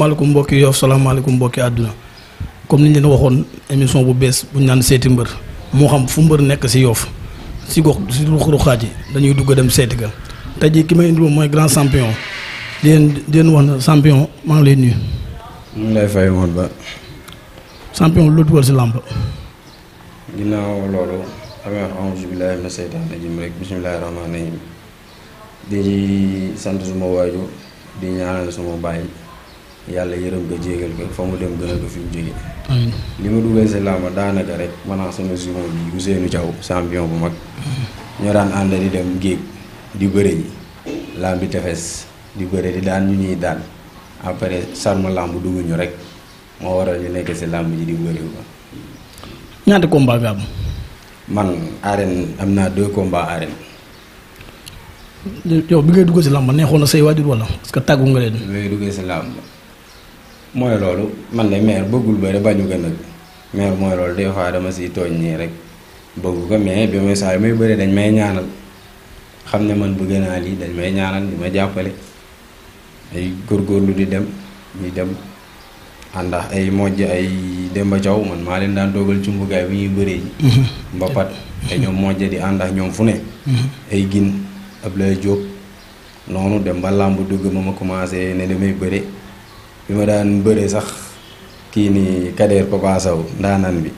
salaamaaleykum mbokki Yoff salaamaaleykum mbokki àdduna comme ni ñu leen waxoon émission bu bees bu ñu naan seeti mbër moo xam fu mbër nekk si yoof si gox si ruq-ruqaat yi dañuy dugg dem seeti ga tey jii ki may indi mooy grand champion di leen di leen wax ne champion maa ngi lay nuyu. ñu ngi lay fay moom ba. champion lu dugal si làmb. ginnaaw loolu amee auzu billaahi mina seytaani rek bismillaahi rahmaani rahiim di sant suma waajur di ñaanal suma bàyyi. yàlla yërëm ko jéegal ko fa mu dem gënal ko fi mu jóge li ma duggee si làmb daanaka rek maanaam sama juróom bi Ousseynou Thiaw champion bu mag ñoo daan ànd di dem géej di bëre ji lambi di tefes di bëre di daan ñu ñuy daan après sarma làmb dugg ñu rek moo waral ñu nekk si làmb ji di bëre ko ñaata combat nga am man arène am naa deux combats arène yow bi ngay duggee si lamb neexoon na say waajur wala parce que tàggu nga leen bi ngay duggee si lamb. mooy loolu man de maire bëggul bëri bañu ko nag maire mooy loolu des fois dama si tooñ nii rek bëgg ko mais bi may saa yi may bëri dañ may ñaanal xam ne man bëgg naa lii dañ may ñaanal di ma jàppale ay lu di dem ñuy dem àndax ay mojj ay Demba Thiaw man maa leen daan dogal ci mbugaay bu ñuy bëree ji mm-hmm. mbapat ay ñoom mojj di àndax ñoom fu ne mm-hmm. ay gin ab lay jóg noonu dem ba làmb dugg ma ma commencé ne damay bëre bima daan bëre sax ki ni Kader Papa saw ndaanaan bi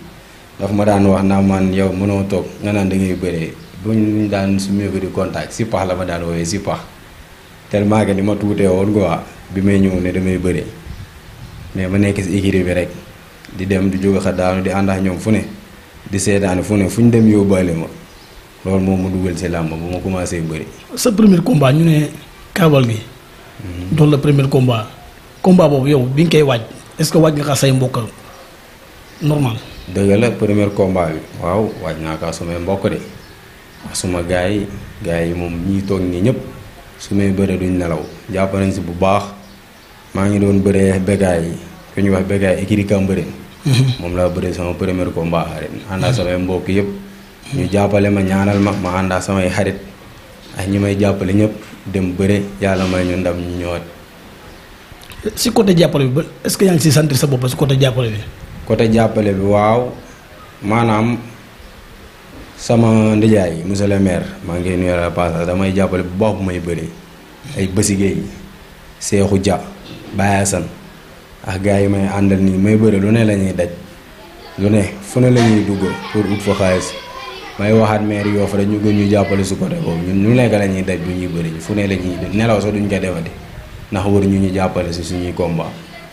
daf ma daan wax na man yow mëno tok nga naan da ngay bëree bu daan su ko di contact si pax la ma daan woowee si pax tellement que ni ma tuutee woon quoi bi may ñëw ne damay bëree mais ma nekk ci équipe bi rek di dem di jóg xadaanu di andax ñom fune fu ne di seetaan fu ne fu ñu dem yóbbaale ma lool mo mu duggal ci lamb bu ma commencé bëri. sa premier combat ñu ne kaawal gi. Hmm. dans le premier combat. combat boobu yow bi nga koy waaj est ce que waaj nga kaa say mbokk normal. dëgg la premier combat bi waaw waaj naa kaa sumay mbokk de wax suma gars yi gars yi moom ñii toog nii ñëpp sumay bëre duñ nelaw jàpp nañ si bu baax maa ngi doon bëree bégaay yi ku ñu wax bégaay écurie Cambérène mhm. moom laa bëree sama premier combat arène mhm. ànd ak samay mbokk yëpp. ñu jàppale ma ñaanal ma ma ànd ak samay xarit ak ñi may jàppale ñëpp dem bëre yàlla may ñu ndam ñu ñëwaat. si côté jappalé bi est ce que yaa ngi si sentir sa bop ci côté jappalé bi. côté jappalé bi waw manam sama ndijay monsieur le maire ma ngi ñu yara passe damay jappalé bu baax may beuri ay bësigéey yi cheikhou dia Baye Assane ak gaay may andal ni may bëri lu ne lañuy daj lu ne fu ne lañuy dugg pour ut fa xaalis may waxat maire yo fa dañu gën ñu jappalé su côté bop ñun ñu nekk lañuy daj bu ñuy beuri fu ne lañuy nelaw so duñ ko defati. ndax war ñu ñu jàppale si suñuy combat.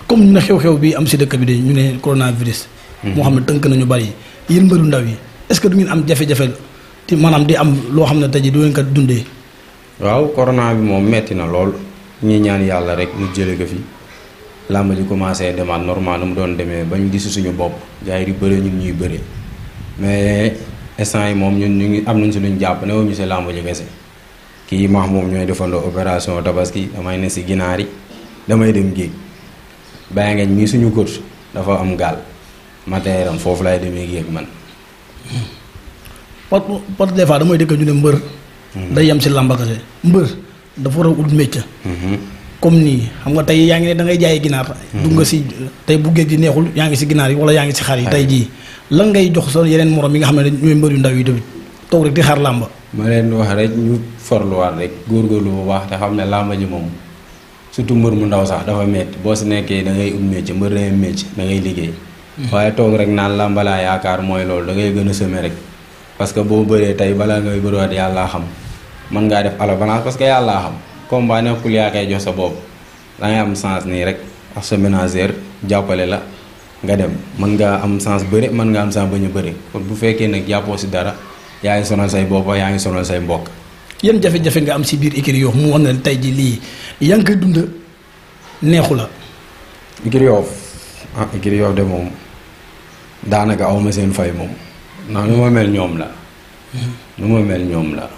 comme ñu ne xew-xew bii am si dëkk bi de ñu ne coronavirus. Mhm. moo xam ne tënk nañu bari yéen mbëru ndaw yi est-ce que du ngeen am jafe-jafe te maanaam di am loo xam ne tey jii du ngeen ko waaw corona bi moom metti na lool ñuy ñaan yàlla rek mu jële ko fi làmb ji commencé demaat normal nu mu doon demee ba ñu gis suñu bopp jaay di bëre ñu ñuy bëri mais instant yi moom ñun ñu ngi am nañ si luñ jàpp ne wuñu si làmb ji kese. kii max moom ñooy defandoo opération tabaski damay ne si ginaar yi damay dem géej bàyyi ngeen mii suñu coach dafa am gaal matériel foofu laay demee géej man. par par des fois damay dégg ñu ne mbër. Hmm. day yem si làmba kese mbër dafa war a ut métier. Hmm. comme nii xam nga tey yaa ngi ne da ngay jaay ginaar. Hmm. dugg nga si tey bu géej gi neexul yaa ngi si ginaar yi wala yaa ngi si xar yi. tey jii lan ngay jox sa yeneen morom yi nga xam ne ñooy mbër yu ndaw yi tamit rek di xaar làmba. ma leen wax rek ñu farluwaat rek góorgóorlu bu baax te xam ne làmba ji moom surtout mbër mu ndaw sax dafa métti boo si nekkee da ngay ut métier mbër da ngay métier da ngay liggéey. Hmm. waaye toog rek naa làmba laa yaakaar mooy loolu da ngay gën a sëme rek. parce que boo bëree tey balaa ngay bëriwaat yàllaa xam mën ngaa def ala balance parce que yàllaa xam combat nekkul yaa koy jox sa bopp da ngay am chance nii rek ak sa ménagère jàppale la nga dem mën ngaa am chance bëri mën nga am chance bañ bëri kon bu fekkee nag jàppoo si dara. yaa ngi sonal say bopp yaa ngi sonal say mbokk. yan jafe-jafe nga am si biir écurie Yoff mu wax na tey jii lii yaa ngi koy dund neexu la. écurie Yoff ah écurie de moom daanaka awma ma seen fay moom ndax nu ma mel ñoom la. nu ma ñoom la.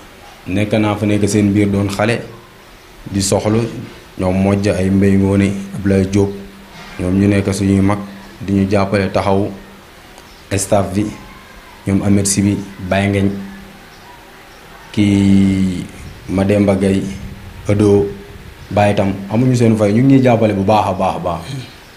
nekk naa fa nekk seen biir doon xale di soxlu ñoom mojj ay mbéy ngoone Ablaye Diop ñoom ñu nekk suñuy mag di ñu jàppale taxaw staff bi. ñoom Ahmed bi Baye ngeen kii Mademba Gueye Ado Baye Tam amuñu seen fay ñu ngi ñuy jàppale bu baax a baax a baax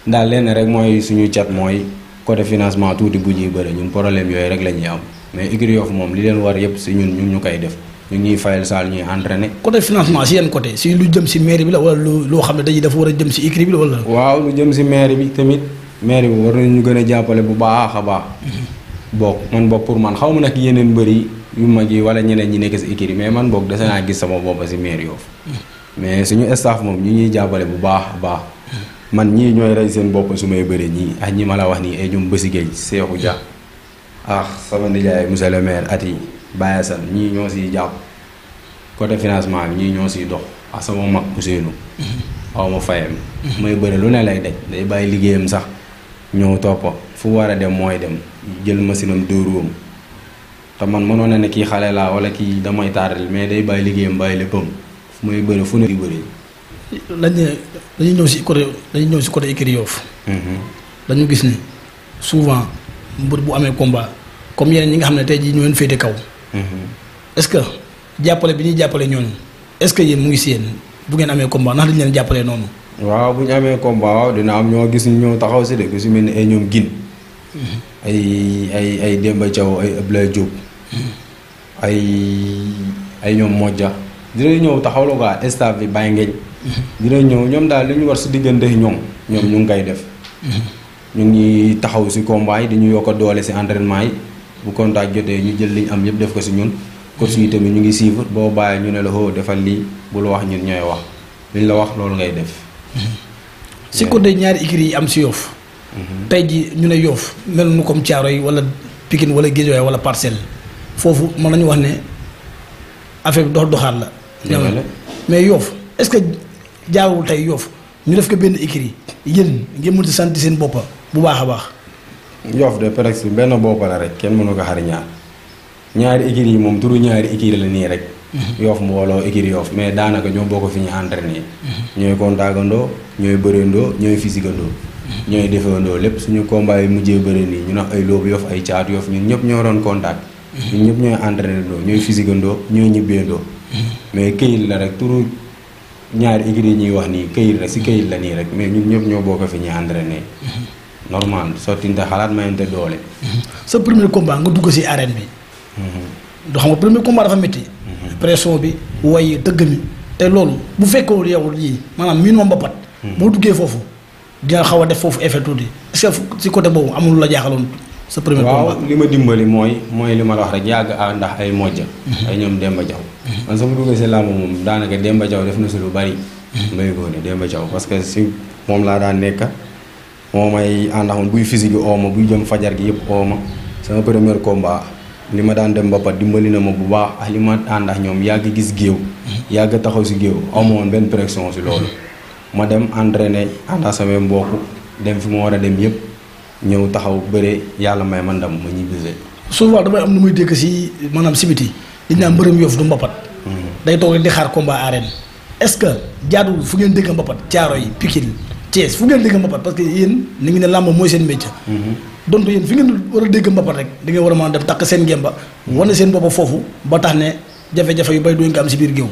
daal lenn rek mooy suñu cat mooy côté financement tuuti bu ñuy bëri ñun problème yooyu rek la ñuy am mais Igri Yoff moom li leen war yëpp si ñun ñu ñu koy def ñu ñuy fayal saal ñuy entraîné. côté financement si yan côté si lu jëm si mairie bi la wala loo xam ne dañuy dafa war a jëm si Igri bi la wala. waaw lu jëm si mairie bi tamit mairie bi war nañu gën a jàppale bu baax a baax. Mm-hmm. boog man boog pour man xaw ma nag yeneen mbëri yu mag yi wala ñeneen ñi nekk si équipe yi mais man boog dese naa gis sama bopp si maire Yoff mais suñu staff moom ñu ñuy jàppale bu baax a baax man ñii ñooy rey seen bopp su may bëri ñii ak ñi ma wax nii ay ñoom Bessie Gueye Seexu Dia ah sama nijaay monsieur le maire at yi Baye Assane ñii ñoo siy jàpp côté financement bi ñii ñoo siy dox ak sama mag Ousseynou xaw ma fayam mooy bëri lu ne lay daj day bàyyi liggéeyam sax ñëw topp fu war a dem mooy dem jël machine am dóoruwam te man mënoon na kii xale laa wala kii damay taaral mais day bàyyi liggéeyam bàyyi léppam fu may bëri fu ne di bëri. lañ ne dañuy ñëw si côté dañuy ñëw si côté écurie Yoff. Mhm. dañu gis ni souvent mbër bu amee combat comme yeneen ñi nga xam ne tey jii ñoo leen féete kaw. Mhm. est-ce que jàppale bi ñuy jàppale ñooñu est-ce que yéen mu ngi seen yéen bu ngeen amee combat ndax dañu leen jàppalee noonu. waaw bu ñu amee combat waaw dina am ñoo gis ñoo taxaw si de ku si mel ay ay ay Demba Thiaw ay Abdoulaye Diop. ay ay ñoom mojja dinañ ñëw taxaw la quoi staff bi bàyyi ngeen. dina ñëw ñoom daal li ñu war si diggante ñoom. ñoom ñu ngi koy def. ñu ngi taxawu si combat yi di ñu yokk doole si entraînement yi bu contact jotee ñu jël liñ am yëpp def ko si ñun. coach yi ñu ngi suivre boo bàyyi ñu ne la xoo oh, defal lii bul wax ñu ñooy wax liñ la wax loolu ngay def. si côté ñaari écuries yi am si Yoff tey ji ñu ne yoof mel nu comme caaro yi wala Pikine wala Guédiawaye wala parcelle foofu mën nañu wax ne affaire bi dox doxaat la. mais yoof est-ce que jaarul tey yoof ñu def ko benn écrit yéen ngeen mënti santi seen boppa bu baax a baax. yoof de perex bi benn boppa la rek kenn mënu ko xari ñaar ñaari écrit yi moom turu ñaari écrit la nii rek. Mhm. yoof mbooloo écrit yoof mais daanaka ñoo bokk fi ñu entraîné. Mhm. ñooy kontaagandoo ñooy bëreendoo ñooy fisigandoo. ñooy defandoo lépp suñu combat yi mujjee bëri nii ñu nax ay loobu yof ay caat yof ñun ñëpp ñoo doon contact ñun ñëpp ñooy entraîné ndoo ñooy physique ñoo ñooy ñibbeendoo mais këyit la rek turu ñaari écurie yi ñuy wax nii këyit la si këyit la nii rek mais ñun ñëpp ñoo bokk fi ñuy entraîné normal sottinte xalaat mayante doole sa premier combat nga dugg si arène bi doo mhm. xam nga premier combat dafa métti mhm. pression bi way dëgg mi te loolu bu fekkoon yow lii maanaam miin moom ba pat mhm. foofu dina xaw a def foofu effet tuuti est-ce que si côté boobu amul la jaaxaloon sa premier waaw li ma dimbali mooy mooy li ma la wax rek yàgg a ndax ay mojja mhm. ay ñoom Demba Diaw mhm. man sama duggee si làmb moom daanaka Demba Diaw def na si lu bari may mhm. góone Demba Diaw parce que si moom laa daan nekk moo may buy physique buy jëm fajar gi yëpp ooma sama premier combat li ma daan dem mbappat dimbali na ma bu baax ak li ma ànd ak ñoom yàgg gis géew yàgg taxaw si géew amoon benn pression si loolu ma dem entraîné ànd ak samay mbokk dem fi ma war a dem yëpp ñëw taxaw bëre yàlla may ma ndam ma ñibbisee. souvent damay am lu muy dégg si maanaam si biti mbërëm Yoff du mbapat. Hmm. day toog di xaar combat arène. est-ce que jaaduwul fu ngeen dégg mbapat caaro yi Pikine Thiès fu ngeen dégg mbapat parce que yéen ni ngi ne làmb mooy seen métier. Hmm. dont yéen fi ngeen war a dégg mbapat rek di ngeen war a mën a def takk seen gemba hmm. wane seen bopp foofu ba tax ne jafe-jafe yu duñ am si biir géew.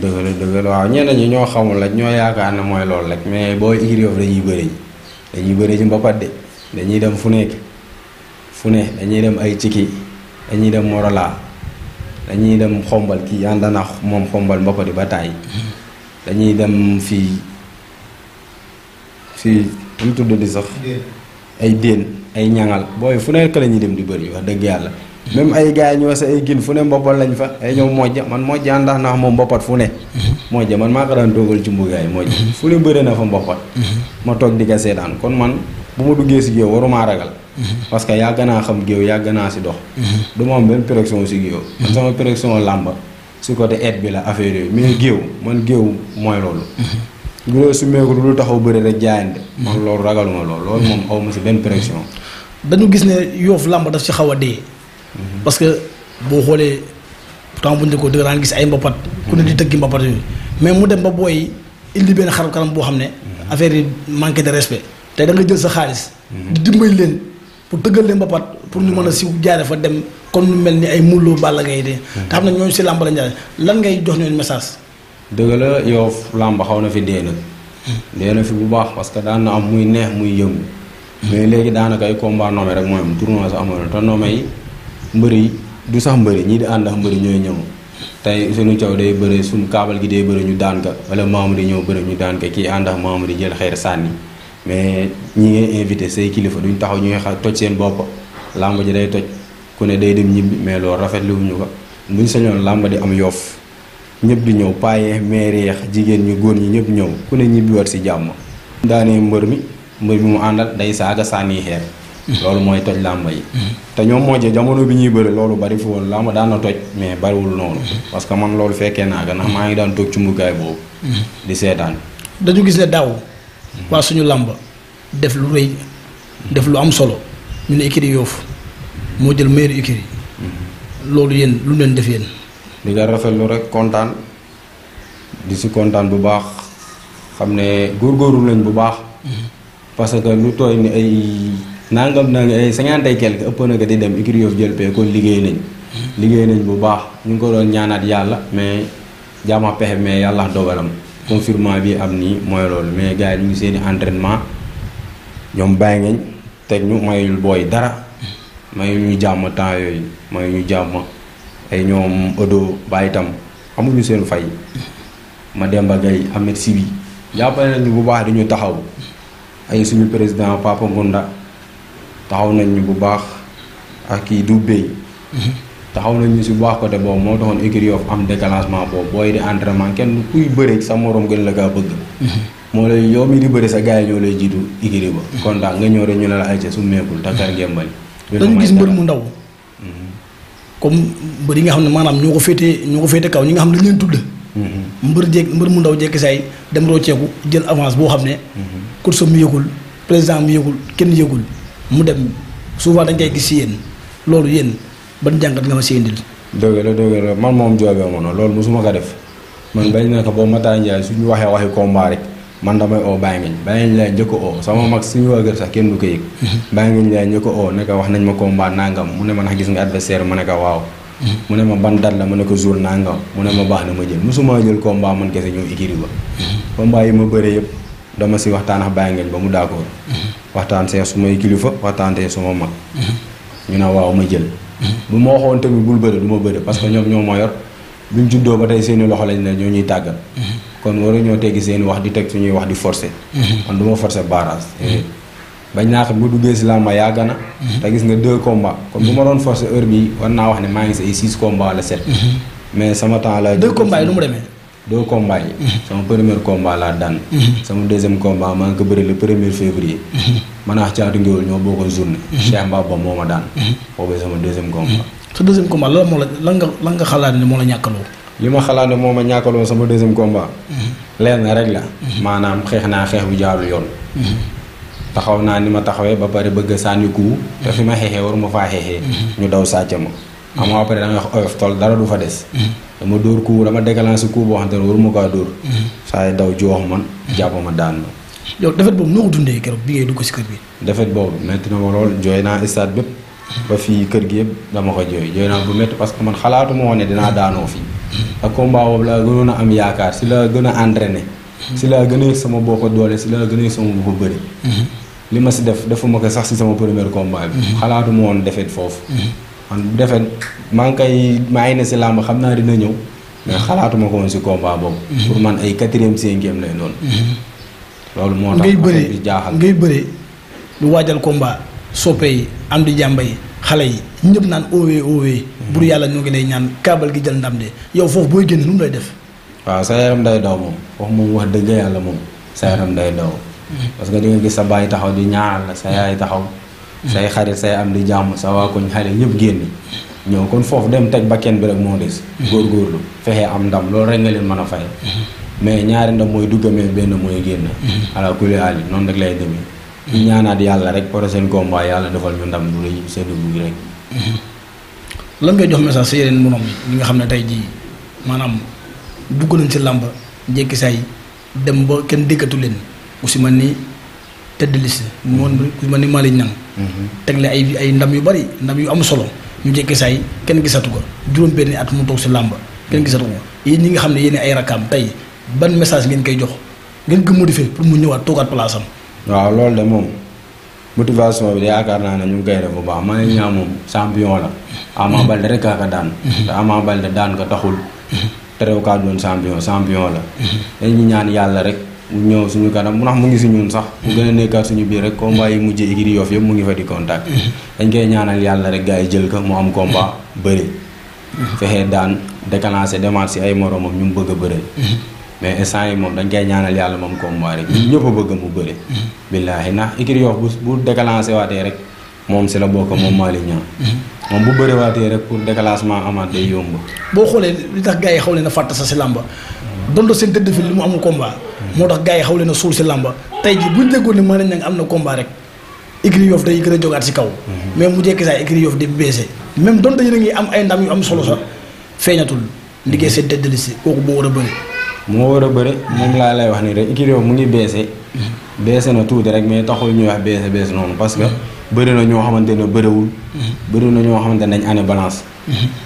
dëgg la dëgg waaw ñenn ñi ñoo xamul rek ñoo yaakaar ne mooy loolu rek mais booy Igri Yoff dañuy bëri ji dañuy bëri ji mboppat de dañuy dem fu nekk fu ne dañuy dem ay ciki dañuy dem Morola dañuy dem xombal kii ànd na moom xombal mbapat di ba tàyyi dañuy dem fii fii am tudd di sax ay déen ay ñaŋal booy fu nekk la ñuy dem di bëri wax dëgg yàlla. même ay gars yi ñoo sa ay gin fu ne mboppal lañ fa ay ñoom mojja man mojja ndax ndax moom mboppat fu ne mojja man maa ko daan toogal ci mbugaay mojja fu ne bëri na fa mboppat ma toog di ka seetaan kon man bu ma duggee si géew warumaa ragal parce que yàgg naa xam géew yàgg naa si dox du ma am benn pression si géew man sama pression làmba si côté aide bi la affaire yooyu mais géew man géew mooy loolu gurée su meeku lu taxaw bëri rek jaayante man loolu ragaluma loolu loolu moom xaw ma si benn pression dañu gis ne yoofu làmb daf si xaw a dee parce que boo xoolee temps bu ñu ko dëgg daan gis ay mboppat ku ne di tëggi mbapat yooyu. mais mu dem ba booy indi benn xaram kanam boo xam ne. affaire yi manque de respect. te da jël sa xaalis. di dimbali leen pour tëggal leen mbapat pour ñu mën a siw jaare fa dem kon lu mel ni ay mullu Balla ngay de. te xam ne ñooñu si làmb la lan ngay jox ñooñu message. dëgg la yow xaw na fi dee nag. dee na fi bu baax parce que daan na am muy neex muy yëngu. mais léegi daanaka ay combat nommé rek mooy am tournoi sa mbër yi du sax mbëri ñii di ànd ak mbëri ñooy ñëw tey suñu caw day bëri suñu kaabal gi day bëri ñu daan ka wala membre di ñëw bëri ñu daan ka kii ànd ak membre yi jël xeer sànni mais ñi ngay invité say kilifa duñ taxaw ñu ngi xa toj seen bopp làmb ji day toj ku ne day dem ñibbi mais loolu rafetlu wuñu ko buñ señoon làmb di am yoof ñëpp di ñëw paaye meereex jigéen ñu góor ñi ñëpp ñëw ku ne ñibbi war si jàmm daanee mbër mi mbër mi mu àndal day saaga sànni loolu mooy toj làmb yi. Mm-hmm. te ñoom mojjee jamono bi ñuy bëri loolu bari fi woon làmb daan na toj mais bariwul noonu. Mm-hmm. parce que man loolu fekkee naa ko ndax maa ngi daan toog ci mbugaay boobu. Mm-hmm. di seetaan. dañu gis ne daaw. waa suñu làmb def lu rëy. def lu am solo. ñu ne écurie Yoff moo jël meilleure écurie. loolu yéen lu leen def yéen. di rafet lu rek kontaan di si kontaan bu baax xam ne góorgóorlu lañ bu baax. parce lu tooy ni ay. nangam nangam ay eh, cinquante et quelque ëpp na ko di dem écurie Yoff jël pee kon liggéey nañ liggéey nañ bu baax ñu ngi ko doon ñaanaat yàlla mais jaama pexe mais yàlla dogalam confinement bi am nii mooy mais gars yi ñu seen i entraînement ñoom bàyyi ngeen teg ñu mayul booy dara mayu ñu jàmm temps yooyu mayu ñu jàmm ay ñoom odo bàyyi itam amuñu seen fay ma Demba Gaye si Sibi jàppale nañu bu baax di ñu taxaw ay suñu président Papa Ngunda taxaw nañ bu baax ak kii du béy. Mhm. taxaw nañ ñu si bu baax côté boobu moo taxoon écurie Yoff am déclenchement boobu booy di entraînement kenn kuy bëreeg sa morom gën la gaa bëgg. Mhm. moo lay yow mi di bëri sa gars yi ñoo lay jiitu écurie ba. Mhm. kon daal nga ñëw rek ñu ne la ay ca su meekul takkar gémbali. dañu gis mbër mu ndaw. comme mbër yi nga xam ne maanaam ñoo ko féetee ñoo ko féetee kaw ñi nga xam ne dañu leen tudd. mbër jéeg mbër mu ndaw jekki say dem rocceeku jël avance boo xam ne. course mu yëgul président mu yëgul kenn yëgul. mu dem souvent dañ koy gis si yéen loolu yéen ban jàngat nga ma si indil. dëgg la dëgg la man moom joobee ma loolu mosuma ko def man bañ na ko boo Matar Ndiaye suñu waxee waxi combat rek man damay oo bàyyi ngañ bàyyi ngañ lay sama mag suñu waa gër sax kenn du ko yëg. Mhm. bàyyi ngañ lay njëkk wax nañ ma combat nangam mu ne ma ndax gis nga adversaire ma ne ko waaw. Mhm. mu ne ma ban date la ma ne ko jour nangam mu ne ma baax na ma jël mosuma jël combat man kese ñëw ikiri ba. Mhm. combat yi ma bëree yëpp dama si waxtaan ak bàyyi ngañ ba mu d'accord. waxtaan see su may kilifa waxtaan see su ma mag. Mm-hmm. ñu ne waaw ma jël. Mm-hmm. bu ma waxoon tamit bul bëre du ma bëre parce que ñoom ñoo ma yor buñ juddoo ba tey seeni loxo lañ ne ñoo ñuy tàggal. Mm-hmm. kon ñoo teggi seeni wax di teg su ñuy wax di forcer. kon du ma forcer barrage. Eh, bañ naa xam bu duggee si làmba yàgg na. te gis nga deux combats. kon bu ma doon forcer heure bi war naa wax ne maa ngi si ay six combats la set. mais sama temps la. deux combats yi nu mu demee. deux combats yi. Mm-hmm. sama premier combat laa daan. Mm-hmm. sama deuxième combat ma ngi beure bëri le premier février. Mm-hmm. man ak caatu ngeul ñoo bokkoon journée. Cheikh Mbaba moma dan ma daan. boobu sama deuxième combat. sa deuxième combat la mo la la nga xalaane nga xalaat la ñakalo lima xalaane moma ñakalo sama deuxième combat. leen na rek la. manam xexna xex bu jaarul yoon. taxaw na ni ma taxawé ba bari bëgg sañu ku kuu. te fi ma xexé war ma faa xeexee. ñu daw sa sàcc ma. amoo après da nga xof tol dara du fa des. dama dóor ku dama déclenché ku boo xamante ne waruma kaa dóor. Mhm. saa yi daw joox man. Mhm. jàpp ma daan ma. yow boobu noo ko dundee keroog bi ngay dugg si kër gi. defet boobu metti na ma lool jooy naa stade bépp. Mhm. ba fii kër gi yëpp dama ko jooy jooy naa bu métti parce que man xalaatuma ma woon ne dinaa daanoo fii. ak combat boobu laa gënoon a am yaakaar si laa gën a entraîné. si laa gën a sama boo ko doole si laa gën a sama boo ko bëri. li ma si def defuma ko sax si sama premier combat bi. ma woon defet foofu. maa ngi koy maa ngi ne si làmb xam naa dina ñëw. mais xalaatuma ko woon si combat boobu. Mhm. pour man ay quatrième cinquième lay doon. Mhm. loolu moo tax ngay bëri jaaxal ngay bëri lu waajal combat xale yi ñëpp naan oowee mhm. yàlla ñoo ngi lay ñaan kaabal gi jël yow foofu def. waaw sa yaram day daw moom foofu moom wax dëgg yàlla moom sa yaram day daw. parce que di gis sa baay taxaw di ñaanal la sa yaay taxaw. say xarit say am di jàmm sa waa koñ xale ñëpp génn. ñoo kon foofu dem teg bakken bi rek moo des. Mhm. góorgóorlu fexe am ndam loolu rek nga leen mën a fay. Mhm. mais ñaari ndam mooy duggamee benn mooy génn. Mhm. ala kulli noonu rek lay demee. ñaanaat yàlla rek pour seen combat yàlla defal ñu ndam lu rëy seen dugub gi rek. lan ngay jox message sa yeneen moroom yi nga xam ne tey jii maanaam dugg nañ si làmb njekki say dem ba kenn déggatu leen ku si ni tëdd liste. moom ku si mel ni Malick Niang. tegle ay ay ndam yu bari ndam yu am solo. ñu jékki saay kenn gisatu ko juróom benn at mu toog si làmba kenn gisatu ko yéen ñi nga xam ne yéen ay rakkaam tey ban message ngeen koy jox ngeen ko modifier pour mu ñëwaat toogaat place waaw loolu de moom motivation bi yaakaar naa ne ñu ngi koy def bu baax man ñaa moom champion la. Ama Baldé rek kaa ko daan. Mhm. te Ama Baldé daan ko taxul. Mhm. te rew kaa doon champion champion la. Mhm. dañuy ñaan yàlla rek. mu ñëw suñu kanam mu ndax mu ngi si ñun sax mu gën a nekkaat suñu biir rek combat yi mujjee igir yoof yëpp mu ngi fa di contact mhm. dañ koy ñaanal yàlla rek gaa yi jël ko mu am combat bëri mhm. fexee daan déclenché demaat si ay moromam ñu mu bëgg a bëre mhm. mais instant yi moom dañ kay ñaanal yàlla moom combat rek ñu ñëpp a bëgg mu bëre billaahi ndax igir yoof bu bu déclenché waatee rek moom si la bokk moom Malick Niang moom bu bëri waatee rek pour déclassement amaat day boo xoolee li tax xaw leen a fàtt sa moo tax gars yi xaw na a suul si làmba tey ji buñ déggoon ne mën na nag am na combat rek écurie Yoff day gën a jógaat si kaw mais mhm. mu jekki saa écurie Yoff di baissé même donte yéen a ngi am ay ndam yu am solo sax feeñatul mhm. liggéey seen teddali si kooku boo war a bëri moo war a bëre moom laa lay wax ni rek écurie Yoff mu ngi baissé mhm. baissé na tuuti rek mais taxul ñuy wax baissé baissé noonu parce que bëri na ñoo xamante ne bëriwul bëri na ñoo xamante ne dañ année balance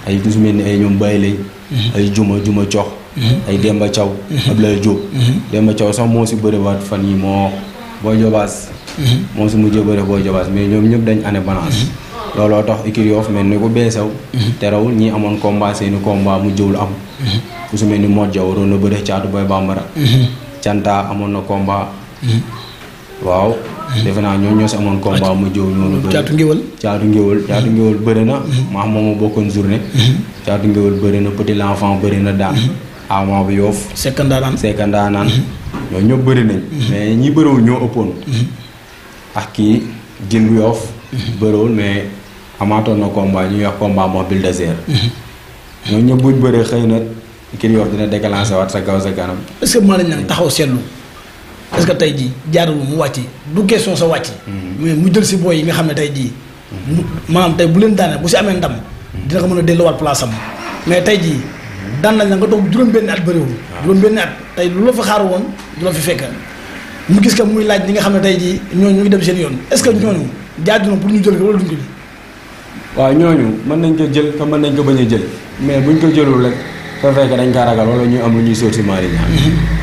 ay gisumeen ni ay ñoom bàyyi lay ay juma juma cox ay Demba Thiaw. Abdoulaye Demba Thiaw sax moo si bëriwaat fan moo booy jobaas. moo si mujjee bëri booy mais ñoom ñëpp dañ année balance. looloo tax écurie Yoff mel ni ku beesaw. terewul ñi amoon combat seeni combat mu jëwul su mel ni Modou Dia waroon na bëre caatu Boy Bambara. Canta amoon na combat. waaw. defe naa ñoo ñoo si amoon combat mu jëw ñoo bëri. caatu ngéwël caatu ngéwël caatu ngéwël bëri na. maa moom ma bokkoon journée. caatu mm-hmm. ngéwël bëri na petit l'enfant bëri na daan. Ama bu Yoff. Sekk Ndaanaan Sekk Ndaanaan. Mm-hmm. ñoo ñëpp bëri nañ. Mm-hmm. mais ñi bëriwul ñoo ëppoon. Mm-hmm. ak kii Gine bu Yoff. bëriwul mais amaatoon na combat ñu wax combat mobile désert. ñoo ñëpp buñ bëree xëy na kii Yoff dina déclenché waat sa gaw sa kanam. est-ce que maa lañ naan taxaw seetlu parce que tey jii jaarul mu wàcc du question sa wàcc. mais mu jël si booy yi nga xam ne tey jii. maanaam tey bu leen daanee bu si amee ndam. dina ko mën a delluwaat place am mais tey daan nañ la nga toog juróom-benn at bëriwul. juróom-benn at tey lu la fa xaar woon du la fi fekkal mu gis que muy laaj li nga xam ne tay jii ñooñu ñu ngi dem seen yoon est-ce que ñooñu jaadu na pour ñu jël ko wala duñ ko jël. ñooñu mën nañ ko jël te mën nañ ko bañ a jël mais buñ ko jëlul rek fa fekk dañ kaa ragal wala ñu am lu ñuy sóor si Mariña.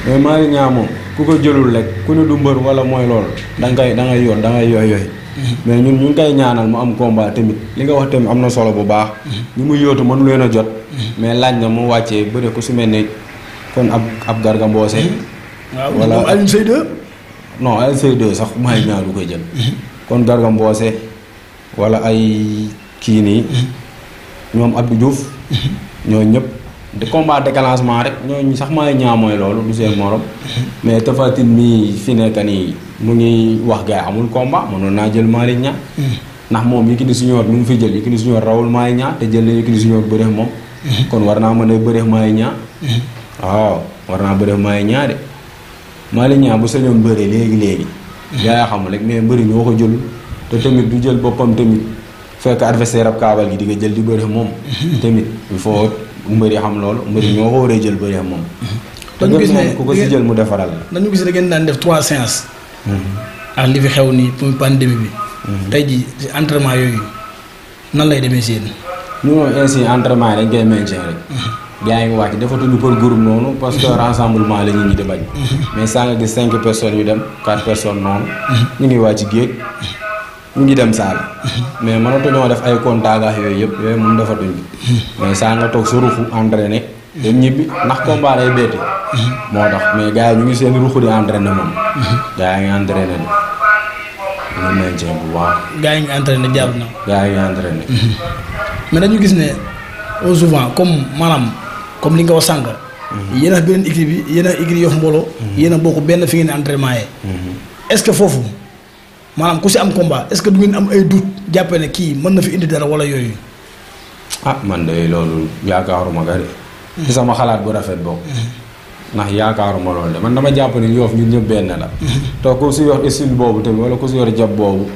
mais ku ko jëlul rek ku ne du mbër wala mooy lool da ngay da ngay yoon da ngay yooy yooy mhm. mais ñun ñu ngi koy ñaanal mu am combat tamit li nga wax tamit am na solo bu baax. ñu mhm. muy yootu mën leen a jot mais lañ na mu wacce beure ko si mel ne kon ab ab garga mboose. Hmm. wala al sey de non al sey de sax may ñaar koy jël. Hmm. kon garga mboose wala ay kii nii. Hmm. ñoom Abdou Diouf. ñoy ñep de combat de déclenchement rek ñooñu sax may ñaa moy lolu du seen morom. mais tafatin mi fi nekk nii mu ngi wax gaay amul combat mënon na jël Malick Niang. ndax moom Yékini Junior mi ngi fi jël suñu Junior rawul may ñaa te jël suñu Junior bëre mom Mhm. kon warna ma mhm. oh, mhm. ya, ne a may ñaa waaw warna naa may ñaa de ma mali ñaa bu señu beure léegi léegi yaa xam rek mais beuri ñoko jël te tamit du jël bopam tamit fekk adversaire ab kaabal gi diga jël di bëre mom tamit il faut mbëri xam lool mbëri ñoko wara waree jël bëre moom dañu gis ne ku ko ci jël mu defaral la dañu gis ne ngeen daan def 3 séances ak ah, li fi xew ni pandémie bi tay ji entraînement yoyu nan lay démé seen ñu moom ainsi entraînement yi dañ koy maintien rek mhm. gars yi ngi wàcc defatuñu pour groupe parce que mhm. rassemblement la nit ñi di bañ mhm. mais saa nga gis cinq personnes ñu ngi wàcc géej ñu ngi dem saal mais mënatuñoo def ay contact yooyu yëpp yooyu moom defatuñ mais saa nga toog sa ruufu entraîné dem ñibbi ndax combat lay beete moo tax mais gars yi ñu ngi seen ruuxu di entraîné moom gars yi ngi entraîné di ñu maintien bu yi ngi entraîné jàpp na gars yi ngi entraîné mais dañu gis ne au souvent comme maanaam comme li nga wax sànq. Mhm. yéen a beneen équipe bi yéen a équipe Yoff Mbollo. Mhm. yéen a benn fi ngeen entraînement yee. Mhm. ce que foofu maanaam ku si am combat est-ce que du ngeen am ay doute jàppee kii mën na fi indi dara wala yooyu. ah man de loolu yaakaaruma nga de. ci sama xalaat bu rafet boobu. ndax yaakaaruma loolu de man dama jàpp ne Yoff ñun ñëpp benn la. te ku si yor style boobu tamit wala ku si yor jab boobu.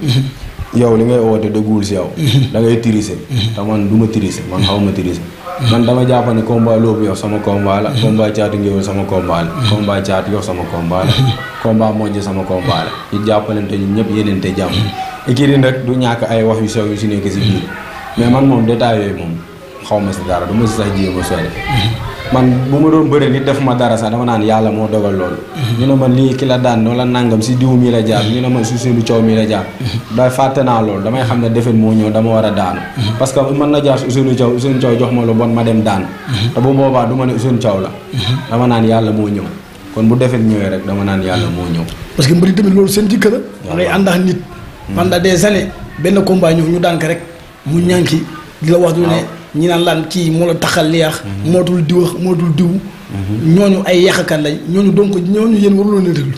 yow li ngay woote dëgguwul si yow. Mhm. da ngay tirise. Mhm. te man du ma tirise man xaw ma tirise. Mhm. man dama jàpp ne combat loobu yow sama combat la. combat caatu ngéwél sama combat la. combat caatu yow sama combat la. combat monje sama combat la. ñu jàppalante ñun ñëpp jàpp jàmm. écurie nag du ñàkk ay wax yu sew yu si nekk si biir. mais man moom détail yooyu moom xaw ma si dara du ma si sax jéem a sori. man bu ma doon bëre nit def ma dara sax dama naan yàlla moo dogal loolu mhm. ñu ne ma lii ki la daan wala nangam si diw mi la jaar mhm. ñu ne ma si Seydou Thiaw mi la jaar da mhm. fàtte naa loolu damay xam ne defet moo ñëw dama war a daanu parce que mën na jaar si Ousseynou Thiaw Ousseynou Thiaw naan yàlla moo ñëw kon bu defet ñëwee rek dama naan yàlla moo parce que mbëri tamit loolu seen jikko la dangay ne ak nit pendant des années benn combat ñëw ñu daan ko rek mu ñànki di la wax du ne ñi naan laan kii moo la taxal li yàq mhm. moo dul diw moo dul diw mhm. ñooñu ay yàqkat lañ ñooñu donc ñooñu yéen waruloo leen déglu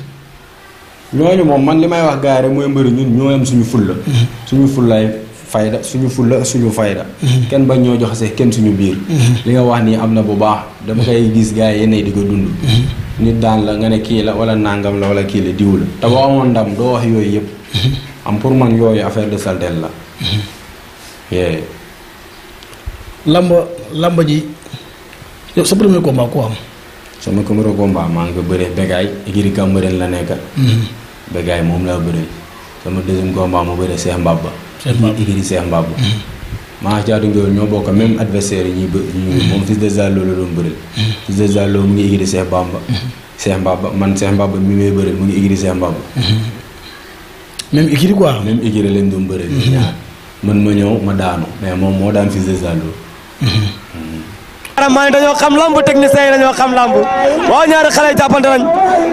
ñooñu moom man li may wax gars yi rek mooy mbëri ñun ñoo am suñu fulla mhm. suñu fullaay fayda suñu fulla suñu fayda kenn ba ñoo jox joxase kenn suñu biir li nga wax nii am na bu baax dama koy gis gars yi yéenay di ko dund nit daan la nga ne kii la wala nàngam la wala kii la diw la te boo amoon ndam doo wax yooyu yëpp am pour man yooyu affair de saldel la lamba lamba ji yow sa premier combat ku am. sama premier combat maa ngi ko bëree Begaay Igiri Cambérène la nekk. Mhm. Begaay moom laa bëree sama deuxième combat ma bëree Cheikh Mbaba. Cheikh Mbaba Igiri Cheikh Mbaba. Mhm. maa jaadu ngéwél ñoo bokk même yi ñuy bë ñuy mhm. moom Fils la doon bëreel. Fils mu ngi Igiri Cheikh Bamba. Cheikh Mbaba man seex Mbaba mi may bëreel mu ngi Igiri Cheikh Mbaba. même Igiri quoi. même Igiri lañ doon bëreel. ñaar man ma ñëw ma daanu mais moom moo daan Fils de Zalo. maa dañoo xam lamb technicien yi xam lamb waaw ñaari xale yi jàppante nañ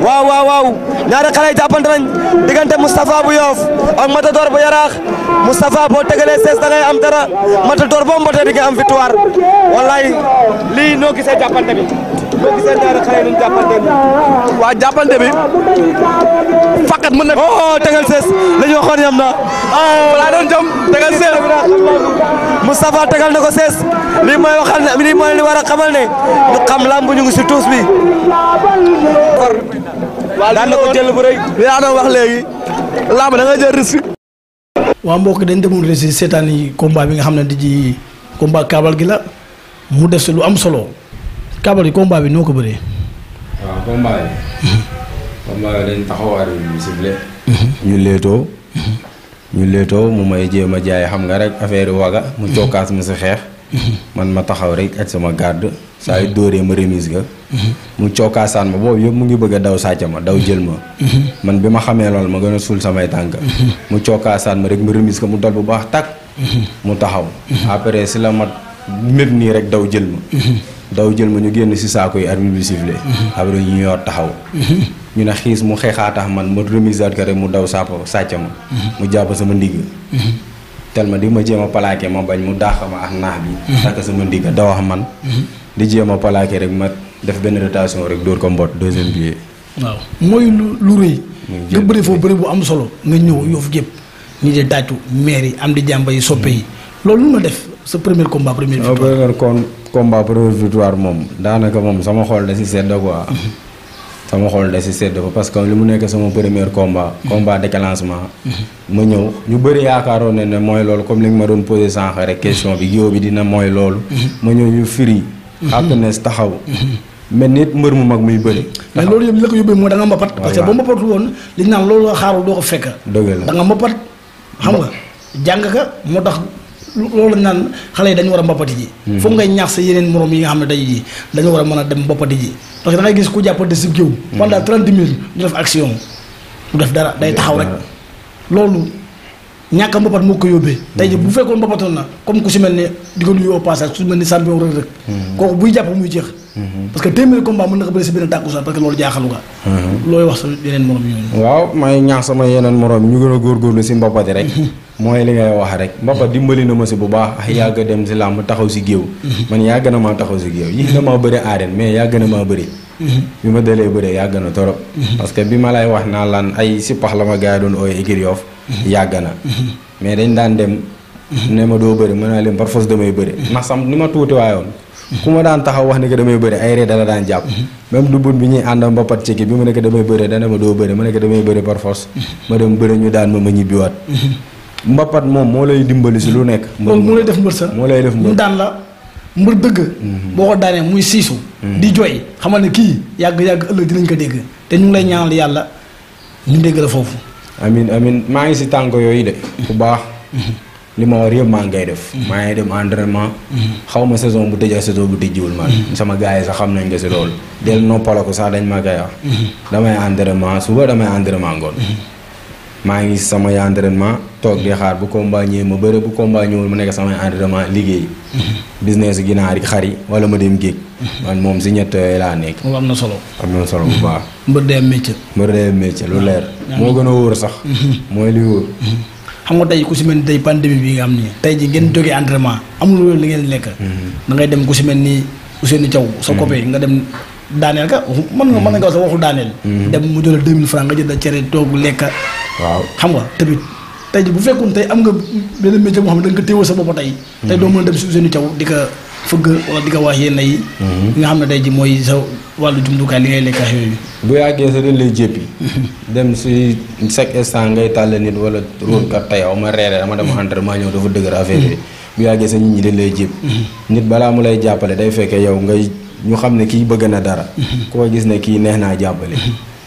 waaw waaw waaw ñaari xale yi jàppante nañ diggante Moustapha bu Yoof ak Matador bu Yaraax Moustapha boo tegalee sees da ngay am dara Matador boo mbotee di nga am victoire wallaay lii noo gisee jàppante bi noo gisee ñaari xale yi nuñ jàppante bi oh, sees la ñu waxoon yam na ah oh, balaa doon jëm tegal sees Moustapha tegal na ko sees lii mooy waxal ne lii mooy war a xamal ne ñu xam lamb ñu ngi si tuus bi. daan jël bu rëy li Adam wax léegi lamb da nga mbokk dañ demoon réussir seetaan yi bi nga xam ne di ji combat kaabal gi la mu def si lu am solo kaabal gi combat bi noo ko bëree. waaw combat yi. Mhm. combat yi dañ taxawaay bi mhm. ñu ñu léetoo mu may jéem a jaay xam nga rek affaire waga mu cokkaas ma si xeex man ma taxaw rek ak sama garde saa yu dóoree ma remise ga mu cokkaasaan ma boobu yëpp mu ngi bëgg a daw sàcc ma daw jël ma man bi ma xamee lool ma gën a suul samay tànk mu cokkaasaan ma rek ma remise ga mu dal bu baax takk mu taxaw après si la mat méb nii rek daw jël ma daw jël ma ñu génn si saako yi arbitre bi sifflé après ñu yor taxaw ñu ne xiis mu xeexaatax man ma remise at rek mu daw sàpp sàcc ma mhm. mu jàpp sama ndigg mhm. tel ma di ma jéem palaake plaqué ma bañ mu dàq ma ak naax bi takk mhm. sama ndigg daw wax man di jéem a plaqué rek ma def benn rotation rek dóor ko mbot deuxième billet waaw mooy lu rëy nga bëri foofu bëri bu am solo nga ñëw yoofu gépp ñi di dàccu yi am di jàmba yi soppe loolu def sa premier combat première moom daanaka moom sama xool da si sedd quoi sama xol da si sedd ba parce que li mu nekk sama premier combat. combat de classement. ma ñëw ñu bëri yaakaaroon ne ne mooy loolu comme li nga ma doon posé sànq rek question bi géew bi dina mooy loolu. ma ñëw ñu firi. xàkkanes taxaw. mel nit mbër mu mag muy bëri. mais loolu yëpp la ko yóbbee mooy da nga mbapat. parce que ba mbapatu woon li naan loolu xaarul doo ko fekk. dëgg la da nga xam nga jàng ka moo tax. loolu naan xale yi dañu war a mboppati ji hmm. foog ngay ñaax sa yeneen moroom yi nga xam ne dañu ji dañu war a mën a dem mboppati ji parce que da ngay gis ku jàppante si géew hmm. pendant trente minutes du def action du def dara day taxaw rek loolu ñàkk a mbapat moo ko yóbbee tey ji bu hmm. fekkoon mbapatoon na comme ku si mel ne di ko nuyu au passage su mel ni champion rek rek kooku buy jàpp muy jeex parce que téeméeri combat mën na ko bëri si benn tàkkusaan parce waaw may ñaax sama yeneen morom ñu gën a góorgóorlu si mbapati rek mooy li ngay wax rek mbappa dimbali na ma si bu baax ak yàgg dem si làmb taxaw si géew man yàgg na maa taxaw si géew yi damaa bëri aareen mais yàgg na maa bëri bi ma dalee bëree yàgg na torop parce que bi ma lay wax naa lan ay si la ma gars yi doon ooy yàgg na mais dañ daan dem ne ma doo bëri mën naa leen par force damay bëri ndax ni ma tuuti waayoon ku ma daan taxaw wax ne que damay bëri ay ree dala daan jàpp même du bun bi ñuy ànd ba pat ci ki bi ma ne damay bëri dana ma doo bëri ma ne que damay bëri par force ma dem bëri ñu daan ma ma ñibbiwaat mbapat moom moo lay dimbali si lu nekk. moom moo lay def mbër sa moo lay def mbër daan la mbër dëgg. Mhm. boo ko daanee muy siisu. Mhm. di jooy xamal ne kii yàgg yàgg ëllëg dinañ ko dégg te ñu ngi lay ñaanal yàlla ñu dégg la foofu. amin amin maa ngi si tànk yooyu de. bu baax. Mhm. li ma war yëpp maa ngay def. maa ngi dem entraînement. xaw ma saison bu tëjee saison bu tëjjiwul man. sama gars yi sax xam nañ nga si loolu. del noppala ko sax dañ ma koy wax. damay entraînement suba damay entraînement sama ya andren entraînement tok di xaar bu combat ñëwee ma beure bu combat ñëwul ma nek sama entraînement liggéey. Mm-hmm. business gi naari xari wala ma dem géej. Mm-hmm. man mom si ñett la nek mo amna solo. amna solo bu baax. Mm-hmm. mbër dem métier. mbër day métier lu leer. mo gëna woor sax. moy li woor xam nga tay ku ci melni tay pandémie bi nga am ni tay ji andren ma entraînement lu loolu li ngeen lek da ngay dem ku ci melni ni Ousseynou sa copain nga dem. Daniel ka man nga man nga sa waxul Daniel dem mu jël 2000 francs nga jënd ciéré toog lek waaw xam nga tamit tey ji bu fekkoon tey am nga benn métier boo xam ne da nga ko téewoo sa bopp tey mm-hmm. tey doo mën dem su seeni caw di ko fëgg wala di ko wax yenn yi mm-hmm. nga xam ne day ji mooy sa wàllu jumtukaay li ngay lekk ak yàggee sa dañ lay jéppi dem si chaque instant ngay tàlle nit wala róolkat tey aw ma reere dama dem mm-hmm. entraînement ñëw dafa dëgër affaire yi bu yàggee sa nit ñi dañ lay jépp nit balaa mu lay jàppale day fekkee yow ngay ñu xam ne kii bëgg na dara koo gis ne kii neex naa jàppale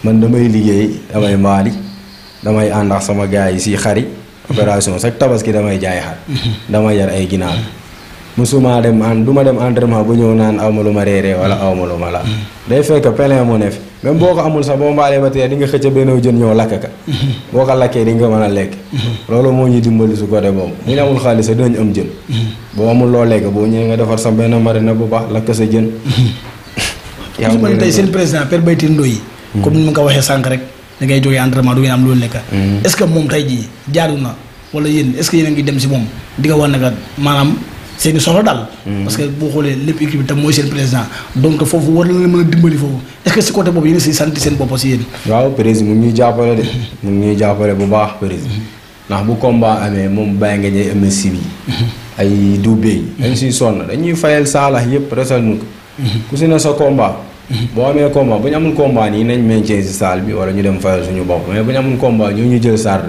man damay liggéey damay maali damay and ak sama gaay yi si xari opération sax tabaski damay jaay xar damay yar ay ginaal musuma dem an duma dem entraînement bu ñew naan awma luma ma wala awma luma la day fekk pelin mo nef même ya ya boko amul sax bo mbaalee ba tee di nga xëcë benn jeun ñëw lakka ka boko ko di nga mëna a lekk loolu moo ñuy dimbali su côté boobu bu ñu amul xaalis sax dinañ am jeun bo amul loo lekk bo ñëwee nga defar sa benn marina bu baax lakka sa jeun ya ngi président Père comme ni nga sank rek. da ngay jógee entraînement du ngeen am loolu lekk mm. est que moom tey jii jaadu na wala yéen est ce a ngi dem si moom di nga wan ne que maanaam seen i daal mm. parce que boo xoolee lépp équipe bi mooy seen président donc foofu war na leen mën a dimbali foofu est si côté boobu yéen si sant seen bopp si yéen waaw président mu ngi ñuy jàppale de mm-hmm. mu ñuy jàppale bu baax président mm-hmm. ndax bu combat amee moom bàyyi nga ñëw am si bi ay duubee yi mm-hmm. dañ siy sonn dañuy fayal saalax yëpp resal ñu ko ku boo amee combat bu ñu amul combat yi nañ maintien si saal bi wala ñu dem fayal suñu bopp mais bu ñu amul combat ñoo ñu jël sard